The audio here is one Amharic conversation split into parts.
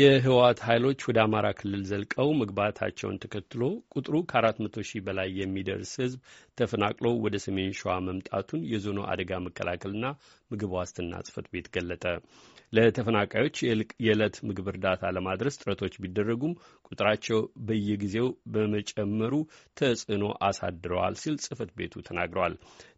የህወሓት ኃይሎች ወደ አማራ ክልል ዘልቀው መግባታቸውን ተከትሎ ቁጥሩ ከአራት መቶ ሺህ በላይ የሚደርስ ህዝብ ተፈናቅሎ ወደ ሰሜን ሸዋ መምጣቱን የዞኑ አደጋ መከላከልና ምግብ ዋስትና ጽህፈት ቤት ገለጠ። ለተፈናቃዮች የዕለት ምግብ እርዳታ ለማድረስ ጥረቶች ቢደረጉም ቁጥራቸው በየጊዜው በመጨመሩ ተጽዕኖ አሳድረዋል ሲል ጽፈት ቤቱ ተናግረዋል።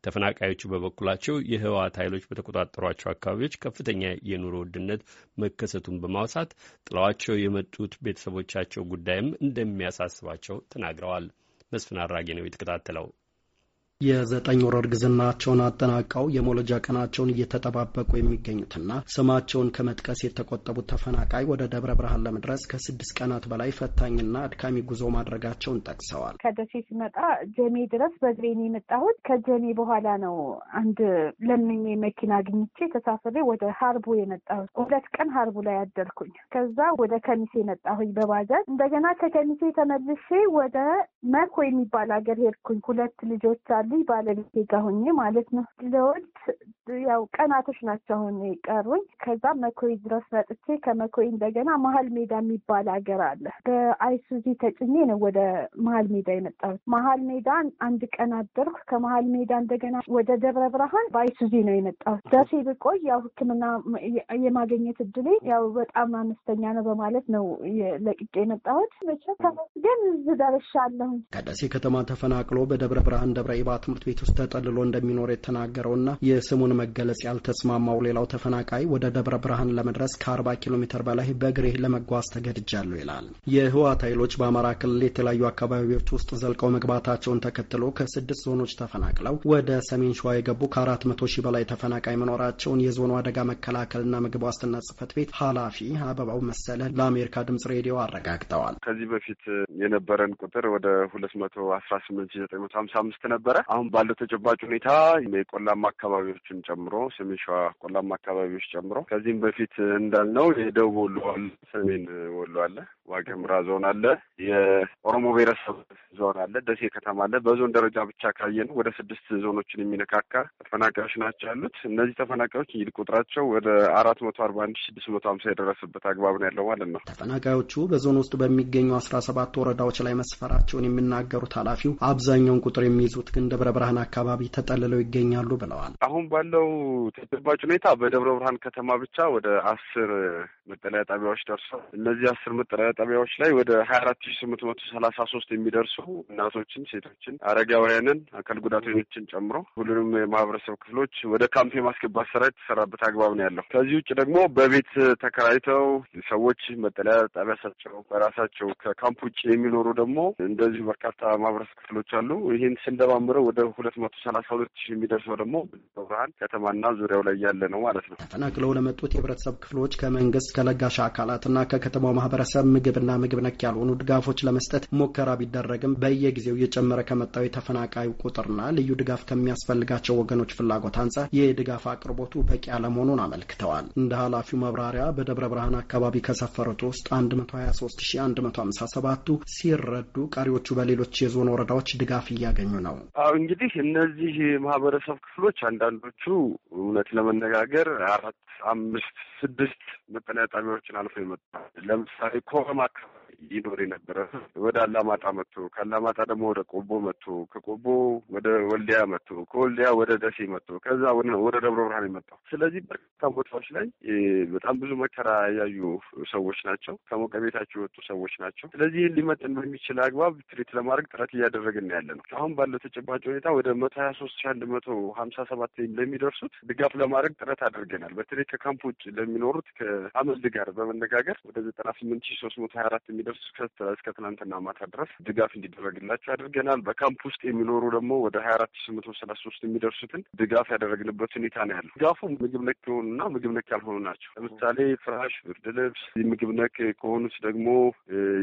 ተፈናቃዮቹ በበኩላቸው የህወሓት ኃይሎች በተቆጣጠሯቸው አካባቢዎች ከፍተኛ የኑሮ ውድነት መከሰቱን በማውሳት ጥለዋቸው የመጡት ቤተሰቦቻቸው ጉዳይም እንደሚያሳስባቸው ተናግረዋል። መስፍን አራጌ ነው የተከታተለው። የዘጠኝ ወር እርግዝናቸውን አጠናቀው የመውለጃ ቀናቸውን እየተጠባበቁ የሚገኙትና ስማቸውን ከመጥቀስ የተቆጠቡት ተፈናቃይ ወደ ደብረ ብርሃን ለመድረስ ከስድስት ቀናት በላይ ፈታኝና አድካሚ ጉዞ ማድረጋቸውን ጠቅሰዋል። ከደሴ ሲመጣ ጀሜ ድረስ በእግሬ የመጣሁት። ከጀሜ በኋላ ነው አንድ ለምኜ መኪና አግኝቼ ተሳፍሬ ወደ ሀርቡ የመጣሁት። ሁለት ቀን ሀርቡ ላይ አደርኩኝ። ከዛ ወደ ከሚሴ መጣሁኝ በባጃጅ እንደገና ከከሚሴ ተመልሼ ወደ መኮ የሚባል ሀገር ሄድኩኝ። ሁለት ልጆች አሉ ልጅ ባለቤቴ ጋር ሆኜ ማለት ነው። ለወልድ ያው ቀናቶች ናቸው አሁን የቀሩኝ። ከዛ መኮይ ድረስ መጥቼ ከመኮይ እንደገና መሀል ሜዳ የሚባል ሀገር አለ። በአይሱዚ ተጭኜ ነው ወደ መሀል ሜዳ የመጣሁት። መሀል ሜዳ አንድ ቀን አደርኩ። ከመሀል ሜዳ እንደገና ወደ ደብረ ብርሃን በአይሱዚ ነው የመጣሁት። ደሴ ብቆይ ያው ሕክምና የማገኘት እድሌ ያው በጣም አነስተኛ ነው በማለት ነው ለቅቄ የመጣሁት። መቼም ግን እዚህ ደርሻለሁ። ከደሴ ከተማ ተፈናቅሎ በደብረ ብርሃን ደብረ ይባ ትምህርት ቤት ውስጥ ተጠልሎ እንደሚኖር የተናገረውና የስሙን መገለጽ ያልተስማማው ሌላው ተፈናቃይ ወደ ደብረ ብርሃን ለመድረስ ከ ከ40 ኪሎ ሜትር በላይ በእግሬ ለመጓዝ ተገድጃለሁ ይላል። የህወሓት ኃይሎች በአማራ ክልል የተለያዩ አካባቢዎች ውስጥ ዘልቀው መግባታቸውን ተከትሎ ከስድስት ዞኖች ተፈናቅለው ወደ ሰሜን ሸዋ የገቡ ከአራት መቶ ሺህ በላይ ተፈናቃይ መኖራቸውን የዞኑ አደጋ መከላከልና ምግብ ዋስትና ጽህፈት ቤት ኃላፊ አበባው መሰለ ለአሜሪካ ድምጽ ሬዲዮ አረጋግጠዋል። ከዚህ በፊት የነበረን ቁጥር ወደ ሁለት መቶ አስራ ስምንት ሺህ ዘጠኝ መቶ ሀምሳ አምስት ነበረ። አሁን ባለው ተጨባጭ ሁኔታ የቆላማ አካባቢዎችን ጨምሮ ሰሜን ሸዋ ቆላማ አካባቢዎች ጨምሮ ከዚህም በፊት እንዳልነው የደቡብ ወሎ አለ፣ ሰሜን ወሎ አለ፣ ዋገምራ ዞን አለ፣ የኦሮሞ ብሔረሰብ ዞን አለ፣ ደሴ ከተማ አለ። በዞን ደረጃ ብቻ ካየን ወደ ስድስት ዞኖችን የሚነካካ ተፈናቃዮች ናቸው ያሉት። እነዚህ ተፈናቃዮች እንግዲህ ቁጥራቸው ወደ አራት መቶ አርባ አንድ ስድስት መቶ ሀምሳ የደረሰበት አግባብ ነው ያለው ማለት ነው። ተፈናቃዮቹ በዞን ውስጥ በሚገኙ አስራ ሰባት ወረዳዎች ላይ መስፈራቸውን የሚናገሩት ኃላፊው አብዛኛውን ቁጥር የሚይዙት ግን ደብረ ብርሃን አካባቢ ተጠልለው ይገኛሉ ብለዋል። አሁን ባለው ተጨባጭ ሁኔታ በደብረ ብርሃን ከተማ ብቻ ወደ አስር መጠለያ ጣቢያዎች ደርሰው እነዚህ አስር መጠለያ ጣቢያዎች ላይ ወደ ሀያ አራት ሺ ስምንት መቶ ሰላሳ ሶስት የሚደርሱ እናቶችን፣ ሴቶችን፣ አረጋውያንን፣ አካል ጉዳተኞችን ጨምሮ ሁሉንም የማህበረሰብ ክፍሎች ወደ ካምፕ የማስገባት ስራ የተሰራበት አግባብ ነው ያለው። ከዚህ ውጭ ደግሞ በቤት ተከራይተው ሰዎች መጠለያ ጣቢያ ሳቸው በራሳቸው ከካምፕ ውጭ የሚኖሩ ደግሞ እንደዚሁ በርካታ ማህበረሰብ ክፍሎች አሉ። ይህን ስንደማምረው ወደ ሁለት መቶ ሰላሳ ሁለት ሺህ የሚደርሰው ደግሞ ብርሃን ከተማና ዙሪያው ላይ ያለ ነው ማለት ነው። ተፈናቅለው ለመጡት የህብረተሰብ ክፍሎች ከመንግስት ከለጋሽ አካላትና ከከተማው ማህበረሰብ ምግብና ምግብ ነክ ያልሆኑ ድጋፎች ለመስጠት ሙከራ ቢደረግም በየጊዜው እየጨመረ ከመጣው የተፈናቃዩ ቁጥርና ልዩ ድጋፍ ከሚያስፈልጋቸው ወገኖች ፍላጎት አንጻር የድጋፍ አቅርቦቱ በቂ አለመሆኑን አመልክተዋል። እንደ ኃላፊው ማብራሪያ በደብረ ብርሃን አካባቢ ከሰፈሩት ውስጥ 123157ቱ ሲረዱ፣ ቀሪዎቹ በሌሎች የዞን ወረዳዎች ድጋፍ እያገኙ ነው። እንግዲህ እነዚህ ማህበረሰብ ክፍሎች አንዳንዶቹ እውነት ለመነጋገር አራት፣ አምስት፣ ስድስት መጠለያ ጣቢያዎችን አልፎ ይመጣል። ለምሳሌ ኮረም አካባቢ ይኖር የነበረ ወደ አላማጣ መጥቶ ከአላማጣ ደግሞ ወደ ቆቦ መጥቶ ከቆቦ ወደ ወልዲያ መጥቶ ከወልዲያ ወደ ደሴ መጥቶ ከዛ ወደ ደብረ ብርሃን የመጣው ስለዚህ በርካታ ቦታዎች ላይ በጣም ብዙ መከራ ያዩ ሰዎች ናቸው። ከሞቀ ቤታቸው የወጡ ሰዎች ናቸው። ስለዚህ ሊመጥን በሚችል አግባብ ትሪት ለማድረግ ጥረት እያደረግን ያለ ነው። አሁን ባለው ተጨባጭ ሁኔታ ወደ መቶ ሀያ ሶስት ሺ አንድ መቶ ሀምሳ ሰባት ለሚደርሱት ድጋፍ ለማድረግ ጥረት አድርገናል። በተለይ ከካምፕ ውጭ ለሚኖሩት ከአመልድ ጋር በመነጋገር ወደ ዘጠና ስምንት ሺ ሶስት መቶ ሀያ አራት የሚደ እስከ ትናንትና ማታ ድረስ ድጋፍ እንዲደረግላቸው አድርገናል። በካምፕ ውስጥ የሚኖሩ ደግሞ ወደ ሀያ አራት ሺህ መቶ ሰላሳ ሶስት የሚደርሱትን ድጋፍ ያደረግንበት ሁኔታ ነው ያለው። ድጋፉ ምግብ ነክ የሆኑና ምግብ ነክ ያልሆኑ ናቸው። ለምሳሌ ፍራሽ፣ ብርድ ልብስ፣ ምግብ ነክ ከሆኑት ደግሞ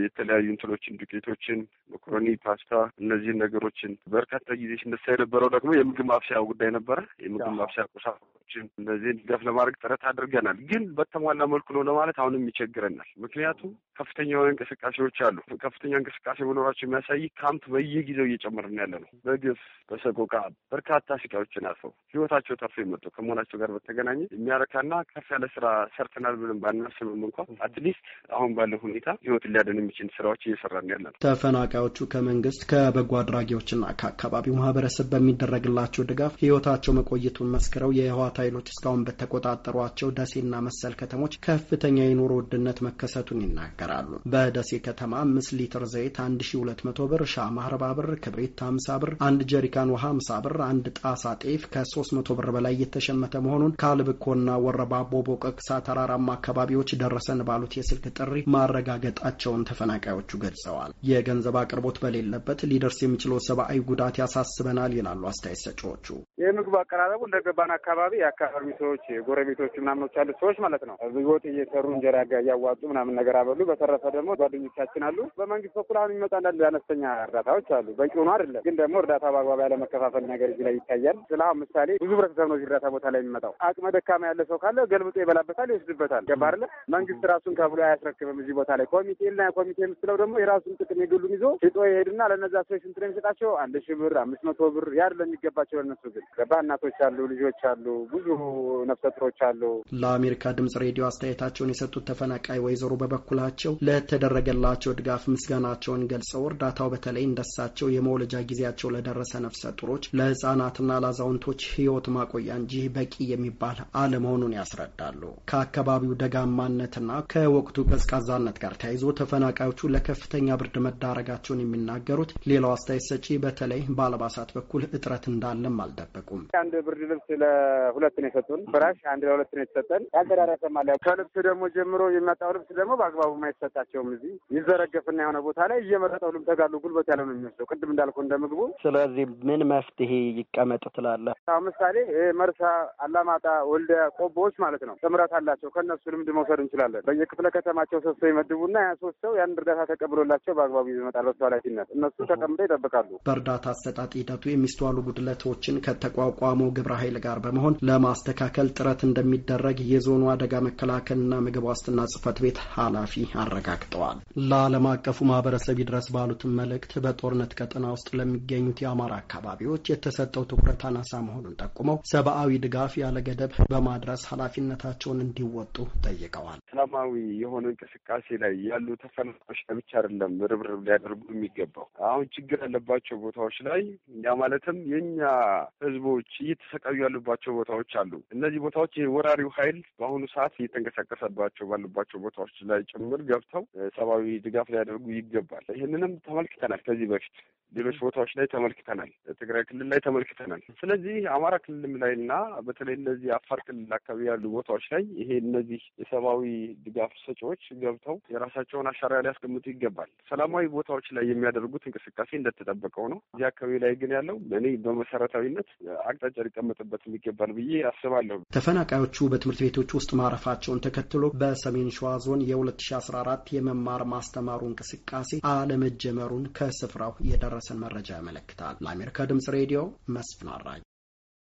የተለያዩ እንትኖችን፣ ዱቄቶችን፣ መኮረኒ፣ ፓስታ እነዚህን ነገሮችን በርካታ ጊዜ ሲነሳ የነበረው ደግሞ የምግብ ማብሰያ ጉዳይ ነበረ። የምግብ ማብሰያ ቁሳቁሶችን እነዚህን ድጋፍ ለማድረግ ጥረት አድርገናል። ግን በተሟላ መልኩ ነው ለማለት አሁንም ይቸግረናል። ምክንያቱም ከፍተኛ የሆነ እንቅስቃሴ እንቅስቃሴዎች አሉ። ከፍተኛ እንቅስቃሴ መኖራቸው የሚያሳይ ካምፕ በየጊዜው እየጨመርን ያለ ነው። በግፍ በሰቆቃ በርካታ ስቃዮችን አልፈው ህይወታቸው ተርፎ የመጡ ከመሆናቸው ጋር በተገናኘ የሚያረካና ከፍ ያለ ስራ ሰርተናል ብለን ባናስብም እንኳ አትሊስት አሁን ባለው ሁኔታ ህይወት ሊያድን የሚችል ስራዎች እየሰራን ያለ ነው። ተፈናቃዮቹ ከመንግስት ከበጎ አድራጊዎችና ከአካባቢው ማህበረሰብ በሚደረግላቸው ድጋፍ ህይወታቸው መቆየቱን መስክረው የህዋት ኃይሎች እስካሁን በተቆጣጠሯቸው ደሴና መሰል ከተሞች ከፍተኛ የኑሮ ውድነት መከሰቱን ይናገራሉ። ደሴ ከተማ አምስት ሊትር ዘይት አንድ ሺ ሁለት መቶ ብር፣ ሻማ 40 ብር፣ ክብሪት ሀምሳ ብር፣ አንድ ጀሪካን ውሃ 50 ብር፣ አንድ ጣሳ ጤፍ ከሶስት መቶ ብር በላይ እየተሸመተ መሆኑን ከአልብኮና ወረባቦ ቦቀቅሳ ተራራማ አካባቢዎች ደረሰን ባሉት የስልክ ጥሪ ማረጋገጣቸውን ተፈናቃዮቹ ገልጸዋል። የገንዘብ አቅርቦት በሌለበት ሊደርስ የሚችለው ሰብአዊ ጉዳት ያሳስበናል ይላሉ አስተያየት ሰጪዎቹ። የምግብ አቀራረቡ እንደገባን አካባቢ የአካባቢ ሰዎች የጎረቤቶች ምናምኖች ያሉት ሰዎች ማለት ነው ወጥ እየሰሩ እንጀራ እያዋጡ ምናምን ነገር አበሉ። በተረፈ ደግሞ ጓደኞቻችን አሉ። በመንግስት በኩል አሁን የሚመጡ አንዳንድ አነስተኛ እርዳታዎች አሉ። በቂ ሆኖ አይደለም፣ ግን ደግሞ እርዳታ በአግባብ ያለመከፋፈል ነገር እዚህ ላይ ይታያል። ስለ አሁን ምሳሌ ብዙ ህብረተሰብ ነው እርዳታ ቦታ ላይ የሚመጣው። አቅመ ደካማ ያለ ሰው ካለ ገልብጦ ይበላበታል፣ ይወስድበታል። ገባ አለ መንግስት ራሱን ከፍሎ አያስረክብም። እዚህ ቦታ ላይ ና ኮሚቴ የምትለው ደግሞ የራሱን ጥቅም የግሉን ይዞ ሽጦ ይሄድና ለነዛ ሰዎች ስንት ነው የሚሰጣቸው? አንድ ሺህ ብር፣ አምስት መቶ ብር ያለ የሚገባቸው ለነሱ ግን ገባ። እናቶች አሉ፣ ልጆች አሉ፣ ብዙ ነፍሰጥሮች አሉ። ለአሜሪካ ድምጽ ሬዲዮ አስተያየታቸውን የሰጡት ተፈናቃይ ወይዘሮ በበኩላቸው ለተደረገ ለተደረገላቸው ድጋፍ ምስጋናቸውን ገልጸው እርዳታው በተለይ እንደሳቸው የመውለጃ ጊዜያቸው ለደረሰ ነፍሰ ጡሮች፣ ለህጻናትና ለአዛውንቶች ህይወት ማቆያ እንጂ በቂ የሚባል አለመሆኑን ያስረዳሉ። ከአካባቢው ደጋማነትና ከወቅቱ ቀዝቃዛነት ጋር ተያይዞ ተፈናቃዮቹ ለከፍተኛ ብርድ መዳረጋቸውን የሚናገሩት ሌላው አስተያየት ሰጪ በተለይ በአልባሳት በኩል እጥረት እንዳለም አልደበቁም። አንድ ብርድ ልብስ ለሁለት ነው የሰጡን፣ ፍራሽ አንድ ለሁለት ነው የተሰጠን። ያልተዳረሰ ከልብስ ደግሞ ጀምሮ የሚመጣው ልብስ ደግሞ በአግባቡ አይሰጣቸውም እዚህ ይዘረገፍና የሆነ ቦታ ላይ እየመረጠው ልምጠጋሉ ጉልበት ያለ ነው የሚመስለው። ቅድም እንዳልኩ እንደ ምግቡ። ስለዚህ ምን መፍትሄ ይቀመጥ አሁን ምሳሌ መርሳ፣ አላማጣ፣ ወልደ ቆቦዎች ማለት ነው ጥምረት አላቸው። ከእነሱ ልምድ መውሰድ እንችላለን። በየክፍለ ከተማቸው ሶስት ሰው ይመድቡና ያ ሶስት ሰው ያን እርዳታ ተቀብሎላቸው በአግባቡ ይመጣል። በሱ ኃላፊነት እነሱ ተቀምጠው ይጠብቃሉ። በእርዳታ አሰጣጥ ሂደቱ የሚስተዋሉ ጉድለቶችን ከተቋቋመው ግብረ ኃይል ጋር በመሆን ለማስተካከል ጥረት እንደሚደረግ የዞኑ አደጋ መከላከልና ምግብ ዋስትና ጽህፈት ቤት ኃላፊ አረጋግጠዋል። ለዓለም አቀፉ ማህበረሰብ ይድረስ ባሉትን መልእክት በጦርነት ቀጠና ውስጥ ለሚገኙት የአማራ አካባቢዎች የተሰጠው ትኩረት አናሳ መሆኑን ጠቁመው ሰብአዊ ድጋፍ ያለ ገደብ በማድረስ ኃላፊነታቸውን እንዲወጡ ጠይቀዋል። ሰላማዊ የሆነ እንቅስቃሴ ላይ ያሉ ተፈናቃዮች ለብቻ አይደለም ርብርብ ሊያደርጉ የሚገባው አሁን ችግር ያለባቸው ቦታዎች ላይ ያ ማለትም የእኛ ህዝቦች እየተሰቃዩ ያሉባቸው ቦታዎች አሉ። እነዚህ ቦታዎች የወራሪው ኃይል በአሁኑ ሰዓት እየተንቀሳቀሰባቸው ባሉባቸው ቦታዎች ላይ ጭምር ገብተው ሰብአዊ ድጋፍ ሊያደርጉ ይገባል። ይህንንም ተመልክተናል። ከዚህ በፊት ሌሎች ቦታዎች ላይ ተመልክተናል። ትግራይ ክልል ላይ ተመልክተናል። ስለዚህ አማራ ክልልም ላይ እና በተለይ እነዚህ አፋር ክልል አካባቢ ያሉ ቦታዎች ላይ ይሄ እነዚህ የሰብአዊ ድጋፍ ሰጪዎች ገብተው የራሳቸውን አሻራ ሊያስቀምጡ ይገባል። ሰላማዊ ቦታዎች ላይ የሚያደርጉት እንቅስቃሴ እንደተጠበቀው ነው። እዚህ አካባቢ ላይ ግን ያለው እኔ በመሰረታዊነት አቅጣጫ ሊቀመጥበት የሚገባል ብዬ አስባለሁ። ተፈናቃዮቹ በትምህርት ቤቶች ውስጥ ማረፋቸውን ተከትሎ በሰሜን ሸዋ ዞን የ2014 የመማር መማር ማስተማሩ እንቅስቃሴ አለመጀመሩን ከስፍራው የደረሰን መረጃ ያመለክታል። ለአሜሪካ ድምጽ ሬዲዮ መስፍን አራጅ